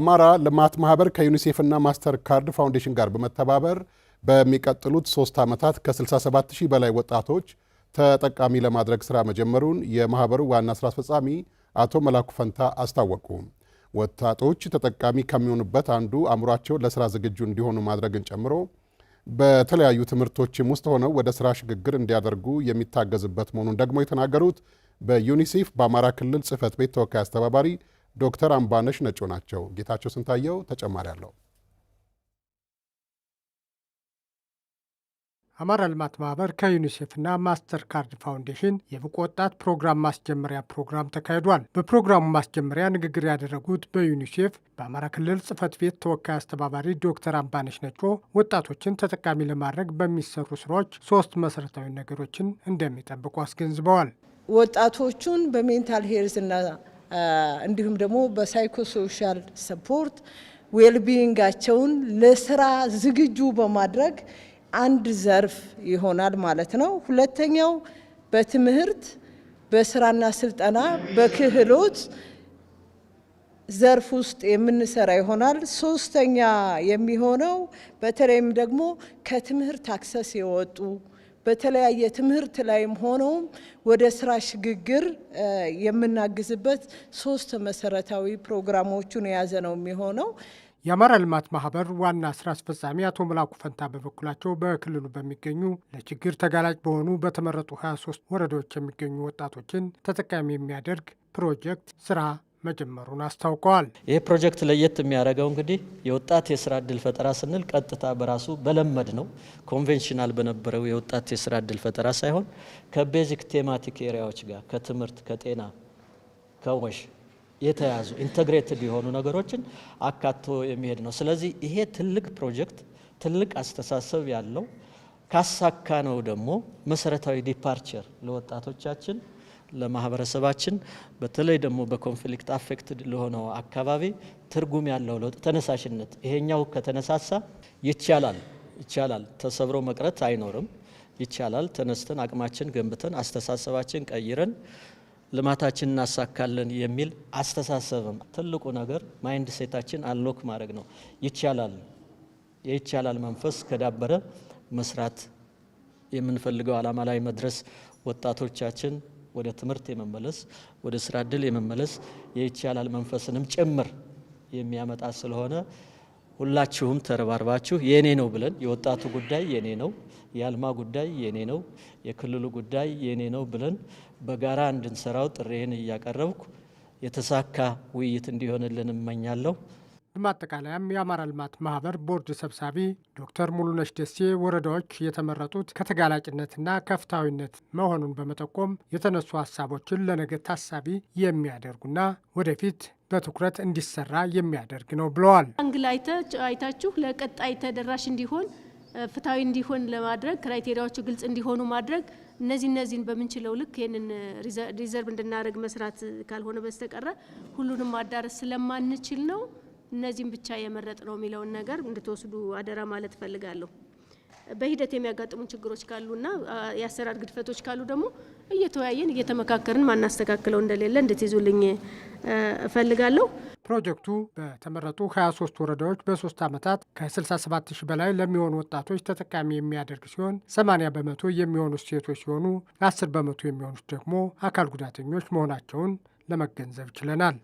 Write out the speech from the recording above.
አማራ ልማት ማህበር ከዩኒሴፍና ማስተር ካርድ ፋውንዴሽን ጋር በመተባበር በሚቀጥሉት ሶስት ዓመታት ከ67 ሺህ በላይ ወጣቶች ተጠቃሚ ለማድረግ ስራ መጀመሩን የማህበሩ ዋና ስራ አስፈጻሚ አቶ መላኩ ፈንታ አስታወቁ። ወጣቶች ተጠቃሚ ከሚሆኑበት አንዱ አእምሯቸው ለስራ ዝግጁ እንዲሆኑ ማድረግን ጨምሮ በተለያዩ ትምህርቶችም ውስጥ ሆነው ወደ ስራ ሽግግር እንዲያደርጉ የሚታገዝበት መሆኑን ደግሞ የተናገሩት በዩኒሴፍ በአማራ ክልል ጽህፈት ቤት ተወካይ አስተባባሪ ዶክተር አምባነሽ ነጮ ናቸው። ጌታቸው ስንታየው ተጨማሪ አለው። አማራ ልማት ማህበር ከዩኒሴፍና ማስተር ካርድ ፋውንዴሽን የብቁ ወጣት ፕሮግራም ማስጀመሪያ ፕሮግራም ተካሂዷል። በፕሮግራሙ ማስጀመሪያ ንግግር ያደረጉት በዩኒሴፍ በአማራ ክልል ጽህፈት ቤት ተወካይ አስተባባሪ ዶክተር አምባነሽ ነጮ ወጣቶችን ተጠቃሚ ለማድረግ በሚሰሩ ስራዎች ሶስት መሰረታዊ ነገሮችን እንደሚጠብቁ አስገንዝበዋል። ወጣቶቹን በሜንታል ሄልዝ እንዲሁም ደግሞ በሳይኮሶሻል ሰፖርት ዌልቢንጋቸውን ለስራ ዝግጁ በማድረግ አንድ ዘርፍ ይሆናል ማለት ነው። ሁለተኛው በትምህርት በስራና ስልጠና በክህሎት ዘርፍ ውስጥ የምንሰራ ይሆናል። ሶስተኛ የሚሆነው በተለይም ደግሞ ከትምህርት አክሰስ የወጡ በተለያየ ትምህርት ላይም ሆኖ ወደ ስራ ሽግግር የምናግዝበት ሶስት መሰረታዊ ፕሮግራሞቹን የያዘ ነው የሚሆነው። የአማራ ልማት ማህበር ዋና ስራ አስፈጻሚ አቶ መላኩ ፈንታ በበኩላቸው በክልሉ በሚገኙ ለችግር ተጋላጭ በሆኑ በተመረጡ 23 ወረዳዎች የሚገኙ ወጣቶችን ተጠቃሚ የሚያደርግ ፕሮጀክት ስራ መጀመሩን አስታውቀዋል። ይህ ፕሮጀክት ለየት የሚያደርገው እንግዲህ የወጣት የስራ እድል ፈጠራ ስንል ቀጥታ በራሱ በለመድ ነው ኮንቬንሽናል በነበረው የወጣት የስራ እድል ፈጠራ ሳይሆን ከቤዚክ ቴማቲክ ኤሪያዎች ጋር ከትምህርት፣ ከጤና፣ ከወሽ የተያዙ ኢንተግሬትድ የሆኑ ነገሮችን አካቶ የሚሄድ ነው። ስለዚህ ይሄ ትልቅ ፕሮጀክት ትልቅ አስተሳሰብ ያለው ካሳካ ነው ደግሞ መሰረታዊ ዲፓርቸር ለወጣቶቻችን ለማህበረሰባችን በተለይ ደግሞ በኮንፍሊክት አፌክትድ ለሆነው አካባቢ ትርጉም ያለው ለውጥ ተነሳሽነት፣ ይሄኛው ከተነሳሳ ይቻላል ይቻላል፣ ተሰብሮ መቅረት አይኖርም፣ ይቻላል። ተነስተን አቅማችን ገንብተን አስተሳሰባችን ቀይረን ልማታችን እናሳካለን የሚል አስተሳሰብም ትልቁ ነገር ማይንድ ሴታችን አንሎክ ማድረግ ነው። ይቻላል የይቻላል መንፈስ ከዳበረ መስራት የምንፈልገው አላማ ላይ መድረስ ወጣቶቻችን ወደ ትምህርት የመመለስ ወደ ስራ እድል የመመለስ የይቻላል መንፈስንም ጭምር የሚያመጣ ስለሆነ ሁላችሁም ተረባርባችሁ የኔ ነው ብለን የወጣቱ ጉዳይ የኔ ነው፣ የአልማ ጉዳይ የኔ ነው፣ የክልሉ ጉዳይ የኔ ነው ብለን በጋራ እንድንሰራው ጥሬን እያቀረብኩ የተሳካ ውይይት እንዲሆንልን እመኛለሁ። በማጠቃለያም የአማራ ልማት ማህበር ቦርድ ሰብሳቢ ዶክተር ሙሉነሽ ደሴ ወረዳዎች የተመረጡት ከተጋላጭነትና ከፍትሐዊነት መሆኑን በመጠቆም የተነሱ ሀሳቦችን ለነገ ታሳቢ የሚያደርጉና ወደፊት በትኩረት እንዲሰራ የሚያደርግ ነው ብለዋል። አንግል አይታችሁ ለቀጣይ ተደራሽ እንዲሆን ፍትሐዊ እንዲሆን ለማድረግ ክራይቴሪያዎቹ ግልጽ እንዲሆኑ ማድረግ እነዚህ እነዚህን በምንችለው ልክ ይህንን ሪዘርቭ እንድናደርግ መስራት ካልሆነ በስተቀረ ሁሉንም ማዳረስ ስለማንችል ነው። እነዚህም ብቻ የመረጥ ነው የሚለውን ነገር እንድትወስዱ አደራ ማለት ፈልጋለሁ በሂደት የሚያጋጥሙ ችግሮች ካሉና የአሰራር ግድፈቶች ካሉ ደግሞ እየተወያየን እየተመካከርን ማናስተካክለው እንደሌለ እንድትይዙልኝ እፈልጋለሁ። ፕሮጀክቱ በተመረጡ 23 ወረዳዎች በሶስት ዓመታት ከ67 ሺህ በላይ ለሚሆኑ ወጣቶች ተጠቃሚ የሚያደርግ ሲሆን 80 በመቶ የሚሆኑት ሴቶች ሲሆኑ ለ10 በመቶ የሚሆኑት ደግሞ አካል ጉዳተኞች መሆናቸውን ለመገንዘብ ችለናል።